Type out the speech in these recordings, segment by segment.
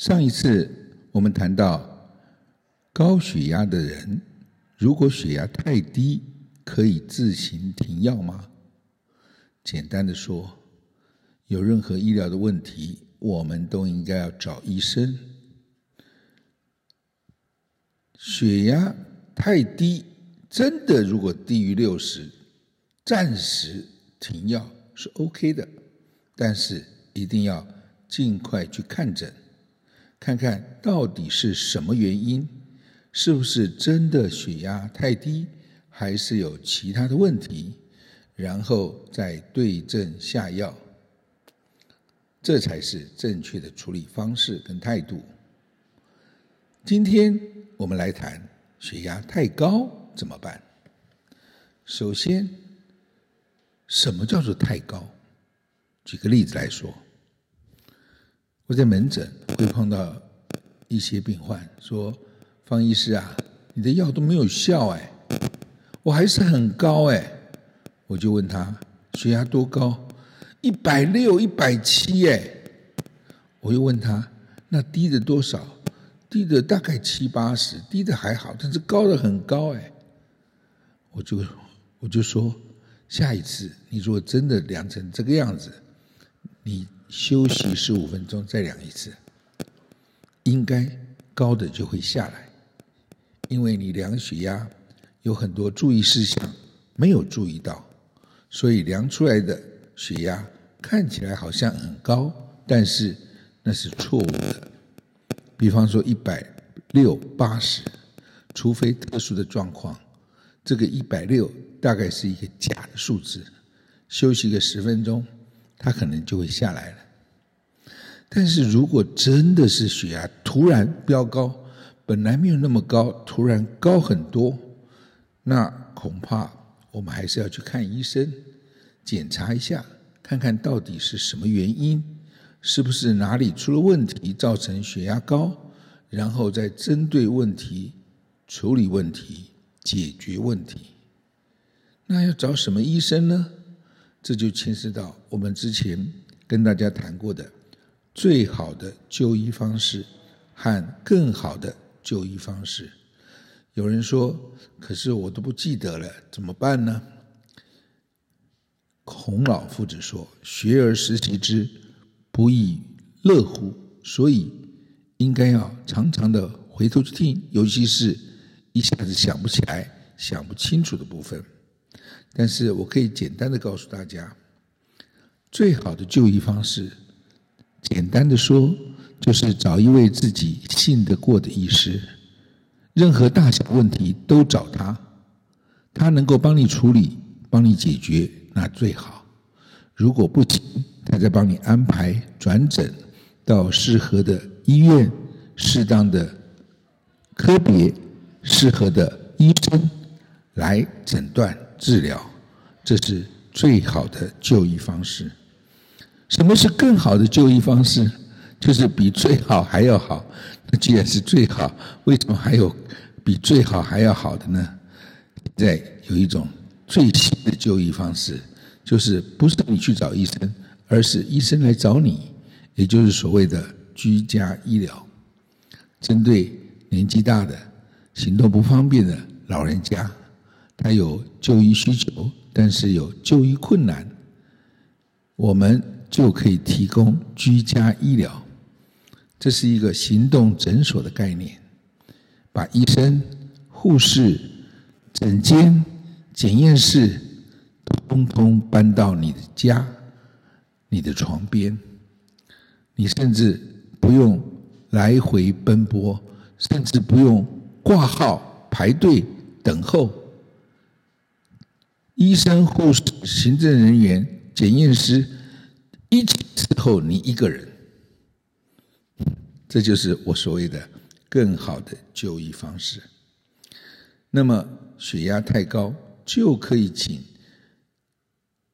上一次我們談到高血壓的人，如果血壓太低，可以自行停藥嗎？簡單的說，有任何醫療的問題，我們都應該要找醫生。血壓太低，真的如果低於六十，暫時停藥是 OK 的，但是一定要盡快去看診。看看到底是什麼原因，是不是真的血壓太低，還是有其他的問題，然後再對症下藥，這才是正確的處理方式跟態度。今天我們來談血壓太高怎麼辦？首先，什麼叫做太高？舉個例子來說。我在門診會碰到一些病患說：“方醫師啊，你的藥都沒有效哎，我還是很高哎。”我就問他血壓多高？一百六、一百七哎。我又問他那低的多少？低的大概七八十，低的還好，但是高的很高哎。我就我就說下一次你如果真的量成這個樣子，你，休息十五分鐘再量一次，應該高的就會下來，因為你量血壓有很多注意事項，沒有注意到，所以量出來的血壓看起來好像很高，但是那是錯誤的。比方說，一百六、八十，除非特殊的狀況，這個一百六大概是一個假的數字。休息個十分鐘。它可能就會下來了。但是如果真的是血壓突然飆高，本來沒有那麼高，突然高很多，那恐怕我們還是要去看醫生，檢查一下，看看到底是什麼原因，是不是哪裡出了問題造成血壓高，然後再針對問題處理問題，解決問題。那要找什麼醫生呢？這就牽涉到我們之前跟大家談過的最好的就醫方式和更好的就醫方式。有人說：“可是我都不記得了，怎麼辦呢？”孔老夫子說：“學而時習之，不亦樂乎？”所以應該要常常的回頭去聽，尤其是一下子想不起來、想不清楚的部分。但是我可以簡單的告訴大家，最好的就醫方式，簡單的說，就是找一位自己信得過的醫師，任何大小問題都找他，他能夠幫你處理、幫你解決，那最好。如果不行，他再幫你安排轉診到適合的醫院、適當的科別、適合的醫生來診斷治療，這是最好的就醫方式。什麼是更好的就醫方式？就是比最好還要好。那既然是最好，為什麼還有比最好還要好的呢？現在有一種最新的就醫方式，就是不是你去找醫生，而是醫生來找你，也就是所謂的居家醫療，針對年紀大的、行動不方便的老人家。他有就醫需求，但是有就醫困難，我們就可以提供居家醫療，這是一個行動診所的概念，把醫生、護士、診間、檢驗室通通搬到你的家、你的床邊，你甚至不用來回奔波，甚至不用掛號、排隊等候。醫生、護士、行政人員、檢驗師一起伺候你一個人，這就是我所謂的更好的就醫方式。那麼血壓太高，就可以請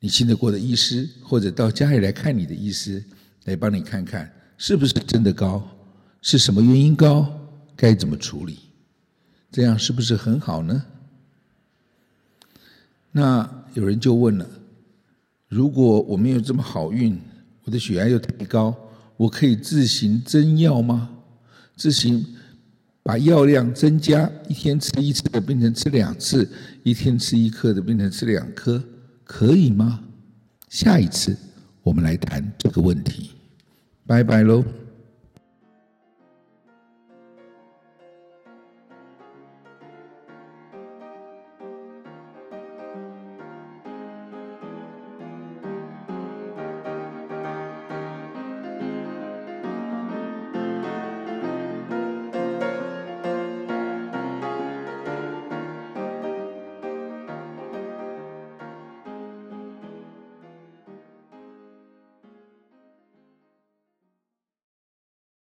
你信得過的醫師，或者到家裡來看你的醫師，來幫你看看是不是真的高，是什麼原因高，該怎麼處理，這樣是不是很好呢？那有人就問了：如果我沒有這麼好運，我的血壓又太高，我可以自行增藥嗎？自行把藥量增加，一天吃一次的變成吃兩次，一天吃一顆的變成吃兩顆，可以嗎？下一次我們來談這個問題。拜拜嘍。